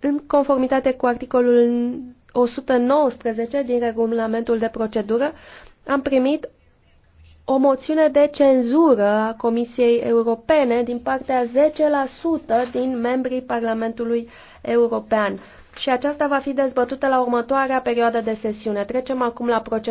în conformitate cu articolul 119 din regulamentul de procedură, am primit o moțiune de cenzură a Comisiei Europene din partea 10% din membrii Parlamentului European. Și aceasta va fi dezbătută la următoarea perioadă de sesiune. Trecem acum la procedură.